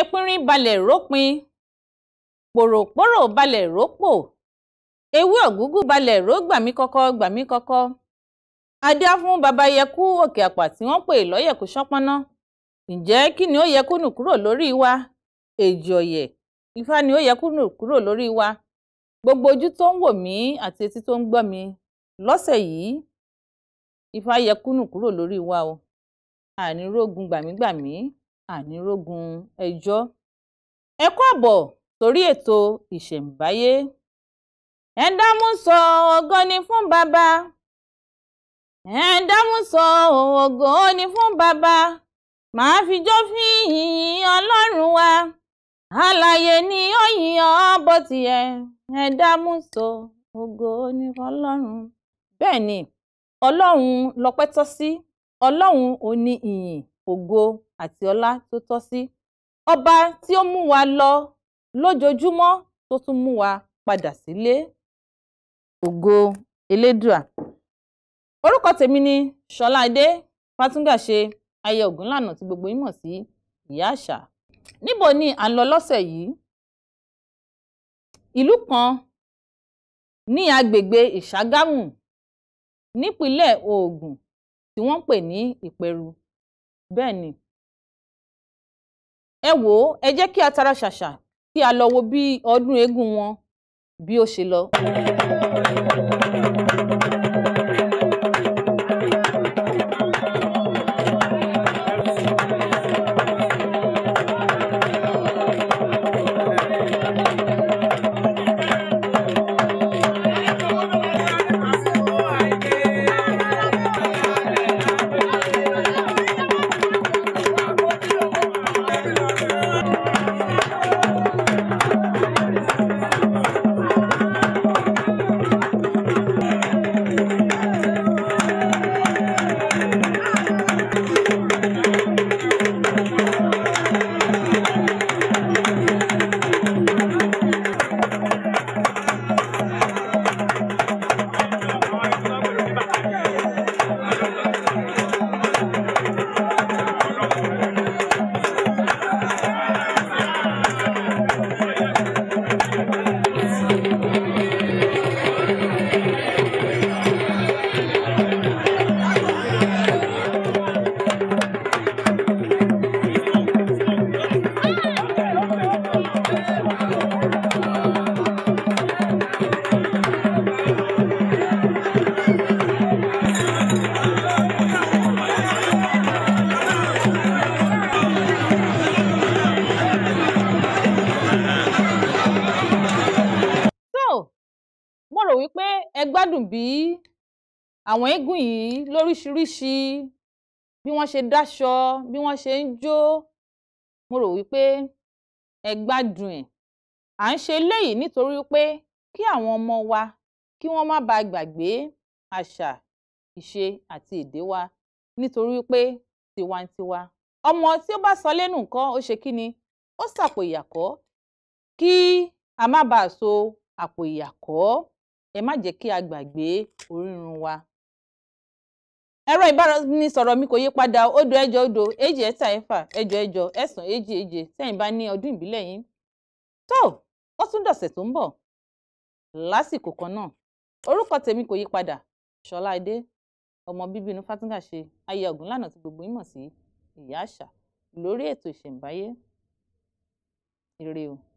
èpinrin balẹ̀ rópin pòròpórò balẹ̀ rópò ewé ọ̀gúngú balẹ̀ ró gbàmí kọ́kọ́ gbàmí kọ́kọ́ adé á baba yẹkú òkè àpà tí wọ́n pè lọ́yẹ̀kú ṣọ́pọ́ná ǹjẹ́ kí ni ó yẹ kúnù kúrò lórí wa èjì ọ̀yẹ̀ ifá ni ó yẹ kúnù kúrò lórí wa gbogbo ojú tó ń wò mí àti etí tó ń gbọ́ mi lọ́sẹ̀ yìí ifá yẹ kúnù kúrò lórí wa o àní rógun gbàmígbàmí. ànírógun ẹjọ́ ẹ káàbọ̀ sórí ètò ìṣẹ̀ǹbáyé ẹ̀ńdámúsọ ògo ni fún bàbá ẹ̀ńdámúsọ ògo ni fún bàbá màá fi jó fi yìnyín ọlọ́run wa alààyè ni ó yìn ọ́ bó ti yẹ ẹ̀ńdámúsọ ògo ni ọlọ́run bẹ́ẹ̀ ni ọlọ́run lọ́pẹ́ tọ́ sí ọlọ́run ò ní ìyìn ògo àti ọlá tó tọ́ sí ọba tí ó mú wa lọ lójoojúmọ́ tó tún mú wa padà sílé ògo elédùà orúkọ tèmi ni Ṣọláìdé Fátúngàṣe ayé Ògúnlànà tí gbogbo yín mọ̀ sí ìyá àṣà níbo ni à ń lọ lọ́sẹ̀ yìí ìlú kan ní agbègbè Ìṣàgámù nípínlẹ̀ Ògùn tí wọ́n ń pè ní Ìpẹ̀rù bẹ́ẹ̀ ni ẹ wò ó ẹ jẹ́ kí a tara ṣàṣà kí a lọ wo bí ọdún eégún wọn bí ó ṣe lọ. wípé ẹ gbádùn bí àwọn eégún yìí lóríṣiríṣi bí wọ́n ṣe dáṣọ bí wọ́n ṣe ń jó mo rò wípé ẹ gbádùn ẹ̀ à ń ṣe léyìí nítorí pé kí àwọn ọmọ wa kí wọ́n má bàa gbàgbé àṣà ìṣe àti èdè wa nítorí pé tiwantiwa ọmọ tí ó bá sọ lẹ́nu nǹkan ó ṣe kí ni ó sàpò ìyàkọ́ kí a má bàa so àpò ìyàkọ́ ẹ má jẹ́ kí a gbàgbé orírun wa. ẹ̀rọ ìbáraẹnisọ̀rọ̀ mi kò yí padà òdo ẹ̀jọ òdo èjì ẹ̀ta ẹ̀fà ẹ̀jọ ẹ̀jọ ẹ̀sán èjì èjì tẹ́yìn bá ní ọdún ìbílẹ̀ yín. tó ó tún dọ̀sẹ̀ tó ń bọ̀ lásìkò kan náà orúkọ tèmi kò yí padà ṣọlá adé ọmọ bíbí inú fátúngà ṣe ayé Ògúnlànà tí gbogbo yín mọ̀ sí ìyá àṣà lórí ètò ìṣẹ̀ǹbáyé ire o.